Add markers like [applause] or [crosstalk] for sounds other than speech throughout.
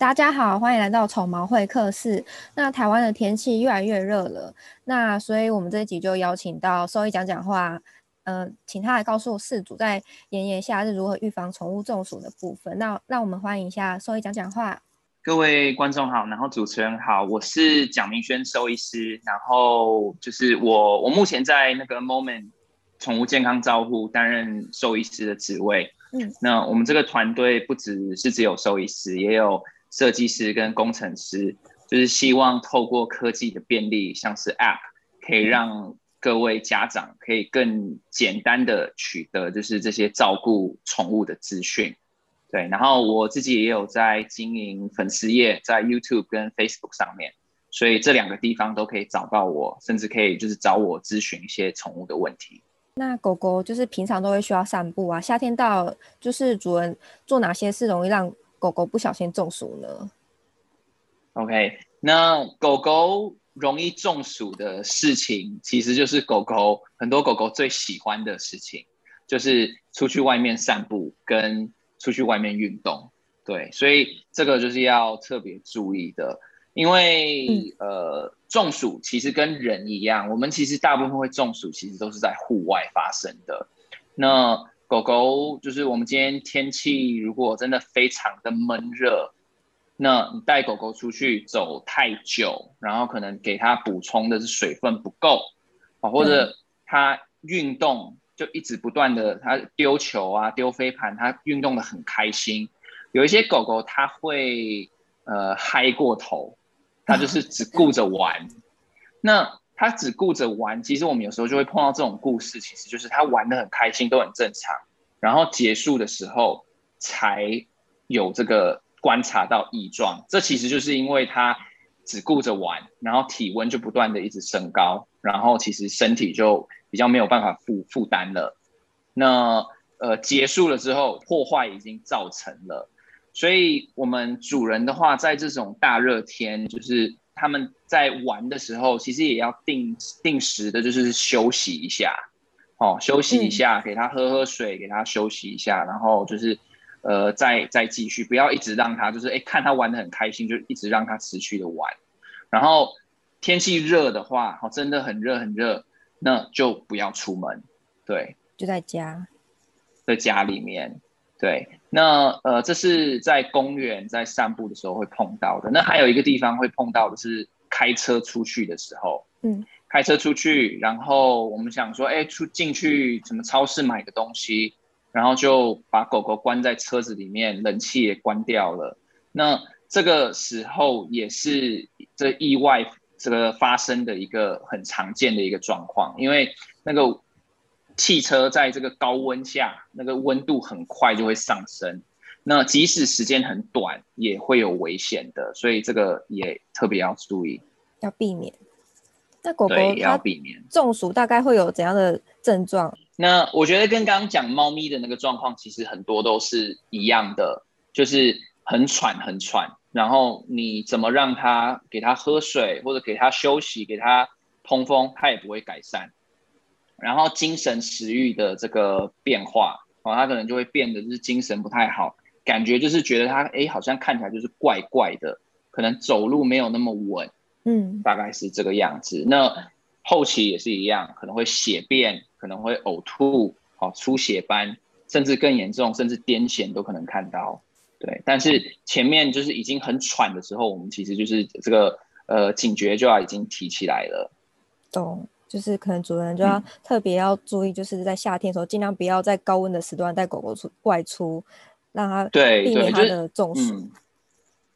大家好，歡迎來到寵毛會客室。那台灣的天氣越來越熱了，那所以，我們這一集就邀請到獸醫蔣蔣話，呃，請他來告訴飼主在炎炎夏日如何預防寵物中暑的部分。那，讓我們歡迎一下獸醫蔣蔣話。各位觀眾好，然後主持人好，我是蔣明軒獸醫師，然後就是我，我目前在那個 Moment 寵物健康照護擔任獸醫師的職位。嗯，那我們這個團隊不只是，是只有獸醫師，也有。設計師跟工程師，就是希望透過科技的便利，像是 App，可以讓各位家長可以更簡單的取得，就是這些照顧寵物的資訊。對，然後我自己也有在經營粉絲頁，在 YouTube 跟 Facebook 上面，所以這兩個地方都可以找到我，甚至可以就是找我諮詢一些寵物的問題。那狗狗就是平常都會需要散步啊，夏天到就是主人做哪些事容易讓狗狗不小心中暑了。OK，那狗狗容易中暑的事情，其實就是狗狗很多狗狗最喜歡的事情，就是出去外面散步跟出去外面運動。對，所以這個就是要特別注意的，因為、嗯、呃，中暑其實跟人一樣，我們其實大部分會中暑，其實都是在戶外發生的。那狗狗就是我們今天天氣如果真的非常的悶熱，那你帶狗狗出去走太久，然後可能給它補充的是水分不夠啊，或者它運動就一直不斷的它丟球啊、丟飛盤，它運動得很開心。有一些狗狗它會呃、嗨 [laughs] 過頭，它就是只顧着玩，那。他只顧着玩，其實我們有時候就會碰到這種故事。其實就是他玩得很開心，都很正常，然後結束的時候才有這個觀察到異狀。這其實就是因為他只顧着玩，然後體溫就不斷的一直升高，然後其實身體就比較沒有辦法負負擔了。那呃，結束了之後，破壞已經造成了，所以我們主人的話，在這種大熱天就是。他們在玩的時候，其實也要定定時的，就是休息一下，哦，休息一下，嗯，給他喝喝水，給他休息一下，然後就是，呃，再再繼續，不要一直讓他，就是誒，看他玩得很開心，就一直讓他持續的玩。然後天氣熱的話，哦，真的很熱很熱，那就不要出門，對，就在家，在家裡面。對，那呃，這是在公園在散步的時候會碰到的。那還有一個地方會碰到的是開車出去的時候，嗯，開車出去，然後我們想說，哎，出進去什麼超市買個東西，然後就把狗狗關在車子裡面，冷氣也關掉了。那這個時候也是這意外這個發生的一個很常見的一個狀況，因為那個。汽車在這個高溫下，那個溫度很快就會上升，那即使時間很短，也會有危險的，所以這個也特別要注意，要避免。那狗狗它中暑大概會有怎樣的症狀？那我覺得跟剛剛講貓咪的那個狀況，其實很多都是一樣的，就是很喘很喘，然後你怎麼讓它給它喝水，或者給它休息，給它通風，它也不會改善。然後精神食欲的這個變化，哦，他可能就會變得，就是精神不太好，感覺就是覺得他哎，好像看起來就是怪怪的，可能走路沒有那麼穩，嗯，大概是這個樣子。那後期也是一樣，可能會血便，可能會嘔吐，哦，出血斑，甚至更嚴重，甚至癲癇都可能看到。對，但是前面就是已經很喘的時候，我們其實就是這個呃警覺就要已經提起來了。懂。就是可能主人就要特別要注意，就是在夏天的時候，盡量不要在高溫的時段帶狗狗出外出，讓它避免它的中暑。對，對就是嗯、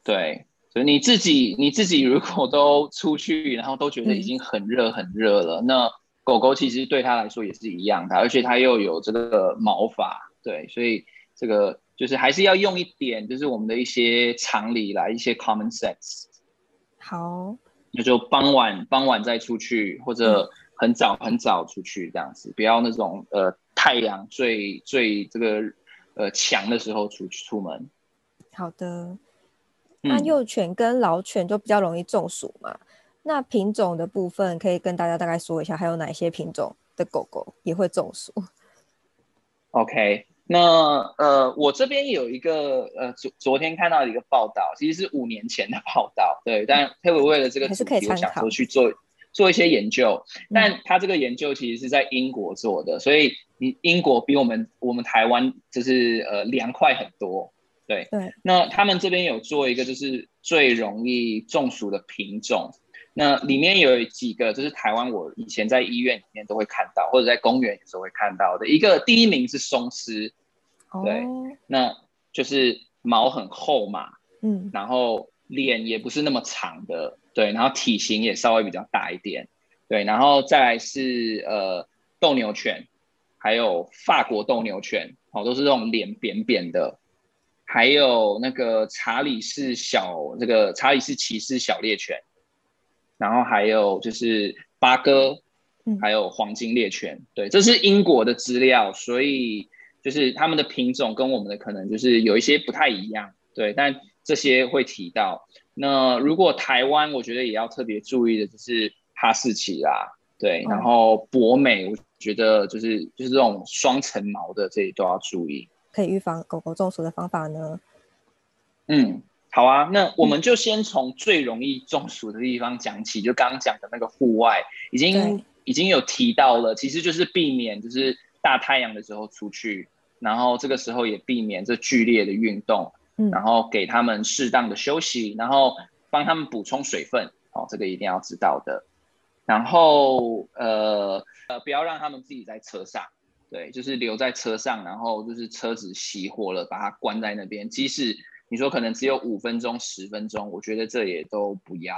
對所以你自己你自己如果都出去，然後都覺得已經很熱很熱了，嗯、那狗狗其實對它來說也是一樣的，而且它又有這個毛髮，對，所以這個就是還是要用一點就是我們的一些常理來一些 common sense。好，那就傍晚傍晚再出去或者、嗯。很早很早出去這樣子，不要那種呃太陽最最這個呃強的時候出去出門。好的。那幼犬跟老犬就比較容易中暑嘛、嗯？那品種的部分可以跟大家大概說一下，還有哪些品種的狗狗也會中暑？OK，那呃我這邊有一個呃昨昨天看到的一個報道，其實是五年前的報道，對，但因為為了這個主題，還是可以參考我想說去做。做一些研究，但他這個研究其實是在英國做的，嗯、所以你英國比我們我們台灣就是呃涼快很多，對對。那他們這邊有做一個就是最容易中暑的品種，那裡面有幾個就是台灣我以前在醫院裡面都會看到，或者在公園有時候會看到的一個，第一名是鬆獅、哦，對，那就是毛很厚嘛，嗯，然後臉也不是那麼長的。對，然後體型也稍微比較大一點。對，然後再來是呃鬥牛犬，還有法國鬥牛犬，哦，都是這種臉扁扁的。還有那個查理士小，這個查理士騎士小獵犬。然後還有就是八哥、嗯，還有黃金獵犬。對，這是英國的資料，所以就是他們的品種跟我們的可能就是有一些不太一樣。對，但。這些會提到。那如果台灣，我覺得也要特別注意的，就是哈士奇啦，對、嗯，然後博美，我覺得就是就是這種雙層毛的，這裡都要注意。可以預防狗狗中暑的方法呢？嗯，好啊，那我們就先從最容易中暑的地方講起，嗯，就剛剛講的那個戶外，已經已經有提到了，其實就是避免就是大太陽的時候出去，然後這個時候也避免這劇烈的運動。然後給他們適當的休息，然後幫他們補充水分，哦，這個一定要知道的。然後呃呃，不要讓他們自己在車上，對，就是留在車上，然後就是車子熄火了，把它關在那邊。即使你說可能只有五分鐘、十分鐘，我覺得這也都不要，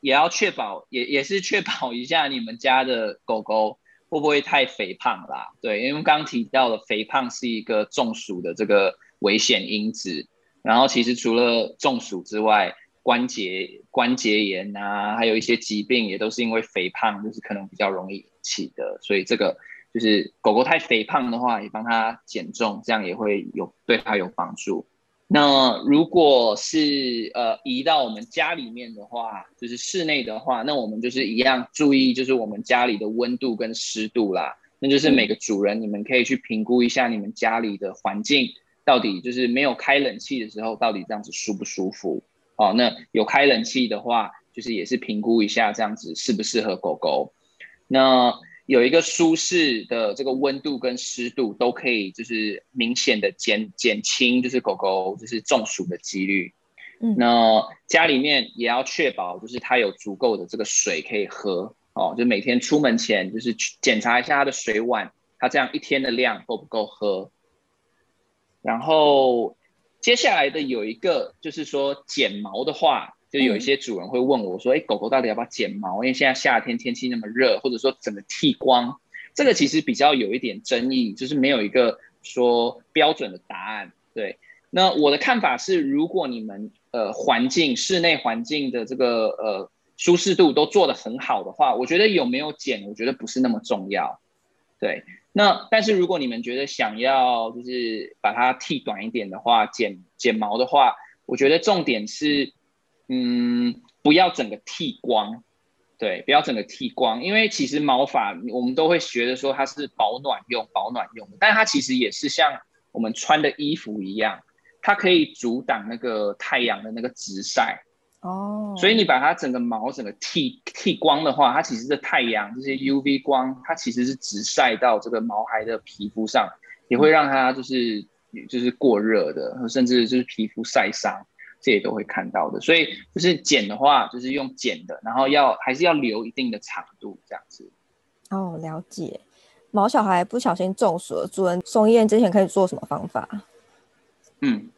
也要確保，也也是確保一下你們家的狗狗會不會太肥胖啦，對，因為剛提到了肥胖是一個中暑的這個危險因子。然後其實除了中暑之外，關節關節炎啊，還有一些疾病也都是因為肥胖，就是可能比較容易起的。所以這個就是狗狗太肥胖的話，也幫它減重，這樣也會有對它有幫助。那如果是呃移到我們家裡面的話，就是室內的話，那我們就是一樣注意，就是我們家裡的溫度跟濕度啦。那就是每個主人，你們可以去評估一下你們家裡的環境。到底就是沒有開冷氣的時候，到底這樣子舒不舒服？哦，那有開冷氣的話，就是也是評估一下這樣子適不適合狗狗。那有一個舒適的這個溫度跟濕度，都可以就是明顯的減減輕就是狗狗就是中暑的幾率。那家裡面也要確保就是它有足夠的這個水可以喝哦，就每天出門前就是去檢查一下它的水碗，它這樣一天的量夠不夠喝？然後接下來的有一個就是說剪毛的話，就有一些主人會問我，說，哎，狗狗到底要不要剪毛？因為現在夏天天氣那麼熱，或者說怎麼剃光，這個其實比較有一點爭議，就是沒有一個說標準的答案。對，那我的看法是，如果你們呃環境室內環境的這個呃舒適度都做得很好的話，我覺得有沒有剪，我覺得不是那麼重要。對。那但是，如果你們覺得想要就是把它剃短一點的話，剪剪毛的話，我覺得重點是，嗯，不要整個剃光，對，不要整個剃光，因為其實毛髮我們都會覺得說它是保暖用，保暖用的，但它其實也是像我們穿的衣服一樣，它可以阻擋那個太陽的那個直曬。哦、oh.，所以你把它整個毛整個剃剃光的話，它其實是太陽這些 U V 光，它其實是直曬到這個毛孩的皮膚上，也會讓它就是就是過熱的，甚至就是皮膚曬傷，這些都會看到的。所以就是剪的話，就是用剪的，然後要還是要留一定的長度這樣子。哦、oh,，了解。毛小孩不小心中暑了尊，主人送醫院之前可以做什麼方法？嗯。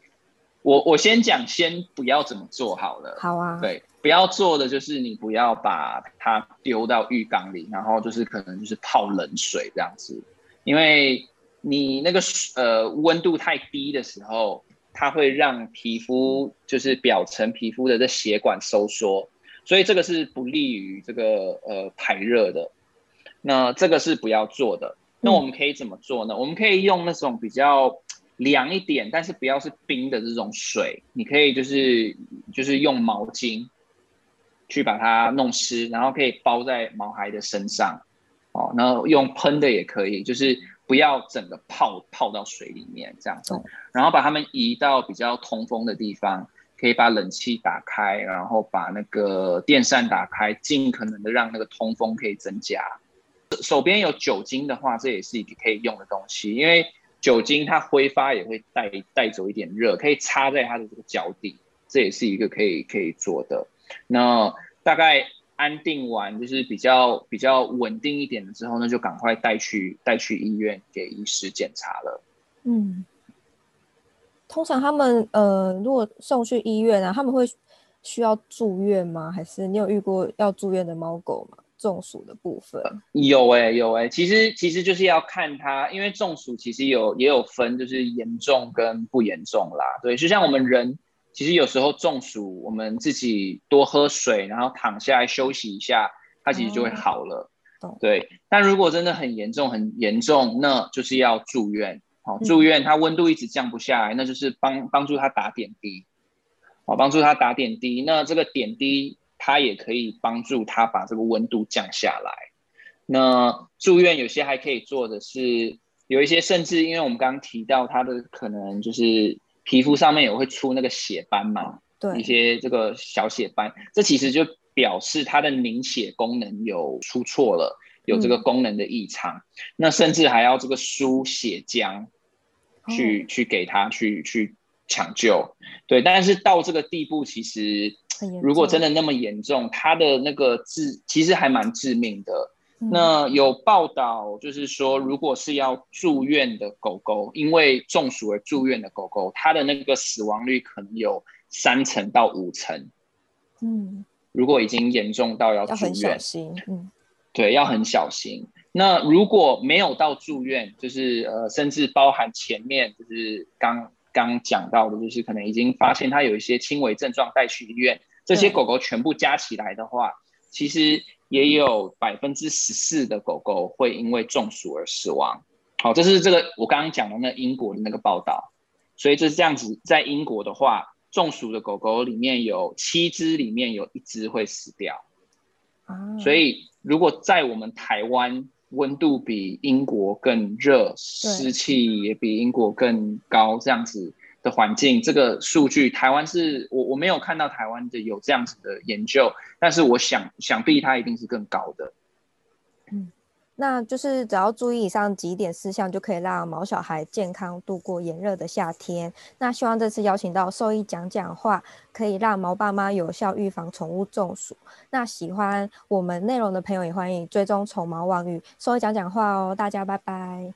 我我先講，先不要怎麼做好了。好啊。對，不要做的就是你不要把它丟到浴缸裡，然後就是可能就是泡冷水這樣子，因為你那個呃溫度太低的時候，它會讓皮膚就是表層皮膚的這血管收縮，所以這個是不利於這個呃排熱的。那這個是不要做的。那我們可以怎麼做呢？嗯、我們可以用那種比較。涼一點，但是不要是冰的這種水，你可以就是就是用毛巾去把它弄濕，然後可以包在毛孩的身上，哦，然後用噴的也可以，就是不要整個泡泡到水裡面這樣子，然後把它們移到比較通風的地方，可以把冷氣打開，然後把那個電扇打開，盡可能的讓那個通風可以增加。手，手邊有酒精的話，這也是一個可以用的東西，因為。酒精它揮發也會帶帶走一點熱，可以擦在它的這個腳底，這也是一個可以可以做的。那大概安定完，就是比較比較穩定一點了之後，那就趕快帶去帶去醫院給醫師檢查了。嗯，通常他們呃，如果送去醫院啊，他們會需要住院嗎？還是你有遇過要住院的貓狗嗎？中暑的部分、嗯、有哎、欸、有哎、欸，其實其實就是要看他，因為中暑其實有也有分，就是嚴重跟不嚴重啦。對，就像我們人、嗯，其實有時候中暑，我們自己多喝水，然後躺下來休息一下，它其實就會好了。哦、對，但如果真的很嚴重很嚴重，那就是要住院。好、哦，住院、嗯，它溫度一直降不下來，那就是幫、嗯、幫助他打點滴。好、哦，幫助他打點滴，那這個點滴。它也可以幫助他把這個溫度降下來。那住院有些還可以做的是，有一些甚至因為我們剛剛提到他的可能就是皮膚上面也會出那個血斑嘛，對，一些這個小血斑，這其實就表示他的凝血功能有出錯了，有這個功能的異常。嗯、那甚至還要這個輸血漿去，去、哦、去給他去去搶救。對，但是到這個地步其實。如果真的那麼嚴重，它的那個致其實還蠻致命的。那有報道就是說，如果是要住院的狗狗，因為中暑而住院的狗狗，它的那個死亡率可能有三成到五成。嗯，如果已經嚴重到要住院，要很小心，嗯，對，要很小心。那如果沒有到住院，就是呃，甚至包含前面就是剛。剛剛講到的，就是可能已經發現它有一些輕微症狀，帶去醫院。這些狗狗全部加起來的話，其實也有百分之十四的狗狗會因為中暑而死亡。好，哦，這是這個我剛剛講的那英國的那個報道。所以就是這樣子，在英國的話，中暑的狗狗裡面有七隻，裡面有一隻會死掉。所以如果在我們台灣，溫度比英國更熱，濕氣也比英國更高，這樣子的環境，這個數據台灣是我我沒有看到台灣的有這樣子的研究，但是我想想必它一定是更高的。嗯。那就是只要注意以上幾點事項，就可以讓毛小孩健康度過炎熱的夏天。那希望這次邀請到獸醫蔣蔣話，可以讓毛爸媽有效預防寵物中暑。那喜歡我們內容的朋友，也歡迎追蹤寵毛網與獸醫蔣蔣話哦。大家拜拜。